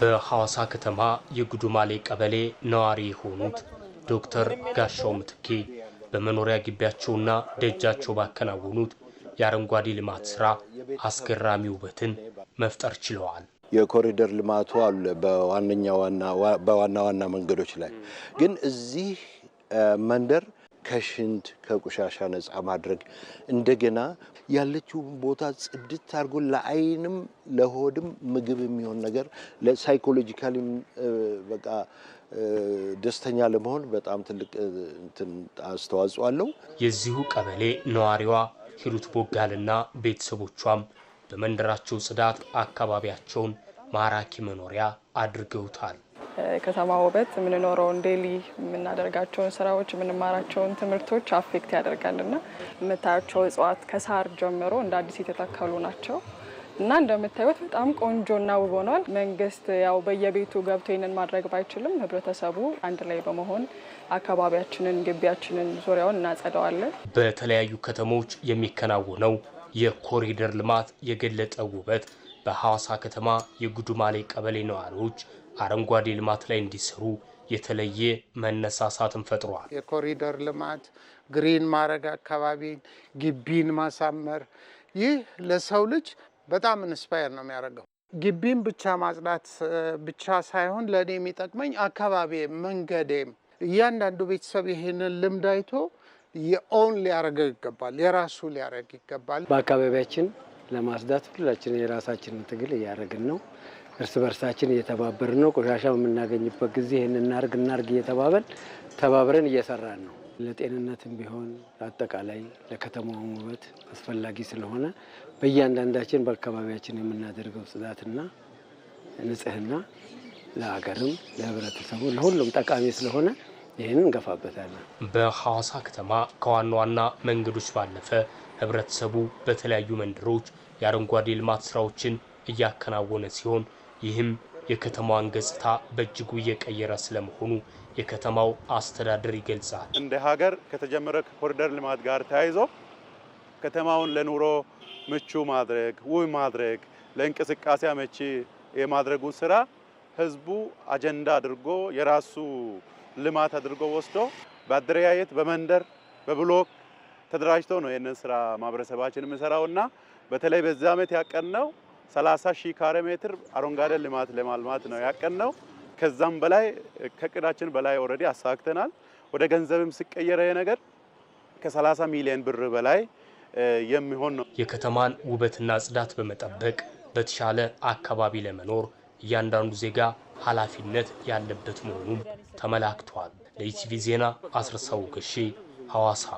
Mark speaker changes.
Speaker 1: በሐዋሳ ከተማ የጉዱማሌ ቀበሌ ነዋሪ የሆኑት ዶክተር ጋሻው ምትኬ በመኖሪያ ግቢያቸውና ደጃቸው ባከናወኑት የአረንጓዴ ልማት ስራ አስገራሚ ውበትን መፍጠር ችለዋል።
Speaker 2: የኮሪደር ልማቱ አለ በዋና ዋና መንገዶች ላይ ግን እዚህ መንደር ከሽንት ከቆሻሻ ነፃ ማድረግ እንደገና ያለችውን ቦታ ጽድት አድርጎ ለአይንም ለሆድም ምግብ የሚሆን ነገር ለሳይኮሎጂካሊ በቃ ደስተኛ ለመሆን በጣም ትልቅ አስተዋጽኦ አለው።
Speaker 1: የዚሁ ቀበሌ ነዋሪዋ ሂሩት ቦጋልና ቤተሰቦቿም በመንደራቸው ጽዳት አካባቢያቸውን ማራኪ መኖሪያ አድርገውታል።
Speaker 3: ከተማ ውበት የምንኖረውን ዴሊ የምናደርጋቸውን ስራዎች የምንማራቸውን ትምህርቶች አፌክት ያደርጋል እና የምታያቸው እጽዋት ከሳር ጀምሮ እንደ አዲስ የተተከሉ ናቸው እና እንደምታዩት በጣም ቆንጆና ውብ ሆኗል። መንግስት ያው በየቤቱ ገብቶ ይንን ማድረግ ባይችልም ህብረተሰቡ አንድ ላይ በመሆን አካባቢያችንን፣ ግቢያችንን፣ ዙሪያውን እናጸደዋለን።
Speaker 1: በተለያዩ ከተሞች የሚከናወነው የኮሪደር ልማት የገለጠ ውበት በሐዋሳ ከተማ የጉዱማሌ ቀበሌ ነዋሪዎች አረንጓዴ ልማት ላይ እንዲሰሩ የተለየ መነሳሳትን ፈጥሯል።
Speaker 4: የኮሪደር ልማት ግሪን ማድረግ፣ አካባቢን ግቢን ማሳመር፣ ይህ ለሰው ልጅ በጣም ኢንስፓየር ነው የሚያደርገው። ግቢን ብቻ ማጽዳት ብቻ ሳይሆን ለእኔ የሚጠቅመኝ አካባቢ መንገዴም፣ እያንዳንዱ ቤተሰብ ይህንን ልምድ አይቶ የኦን ሊያደርገው ይገባል፣ የራሱ ሊያደርግ ይገባል።
Speaker 5: በአካባቢያችን ለማጽዳት ሁላችን የራሳችንን ትግል እያደረግን ነው። እርስ በርሳችን እየተባበርን ነው። ቆሻሻ የምናገኝበት ጊዜ ይህን እናርግ እናርግ እየተባበል ተባብረን እየሰራን ነው። ለጤንነትም ቢሆን አጠቃላይ ለከተማው ውበት አስፈላጊ ስለሆነ በእያንዳንዳችን በአካባቢያችን የምናደርገው ጽዳትና ንጽህና ለሀገርም ለህብረተሰቡ ለሁሉም ጠቃሚ ስለሆነ ይህን እንገፋበታለን።
Speaker 1: በሐዋሳ ከተማ ከዋና ዋና መንገዶች ባለፈ ህብረተሰቡ በተለያዩ መንደሮች የአረንጓዴ ልማት ስራዎችን እያከናወነ ሲሆን ይህም የከተማዋን ገጽታ በእጅጉ እየቀየረ ስለመሆኑ የከተማው አስተዳደር ይገልጻል።
Speaker 6: እንደ ሀገር ከተጀመረ ኮሪደር ልማት ጋር ተያይዞ ከተማውን ለኑሮ ምቹ ማድረግ፣ ውብ ማድረግ፣ ለእንቅስቃሴ አመቺ የማድረጉን ስራ ህዝቡ አጀንዳ አድርጎ የራሱ ልማት አድርጎ ወስዶ በአደረያየት በመንደር በብሎክ ተደራጅቶ ነው ይህንን ስራ ማህበረሰባችን የምንሰራው እና በተለይ በዚህ ዓመት ነው። 30 ሺህ ካሬ ሜትር አረንጓዴ ልማት ለማልማት ነው ያቀን ነው። ከዛም በላይ ከቅዳችን በላይ ኦልሬዲ አሳክተናል። ወደ ገንዘብም ሲቀየረ ነገር ከ30 ሚሊዮን ብር በላይ የሚሆን ነው።
Speaker 1: የከተማን ውበትና ጽዳት በመጠበቅ በተሻለ አካባቢ ለመኖር እያንዳንዱ ዜጋ ኃላፊነት ያለበት መሆኑም ተመላክቷል። ለኢቲቪ ዜና አስረሳው ከሺ ሐዋሳ